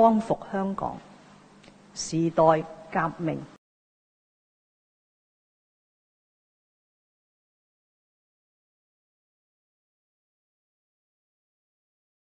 光復香港，時代革命。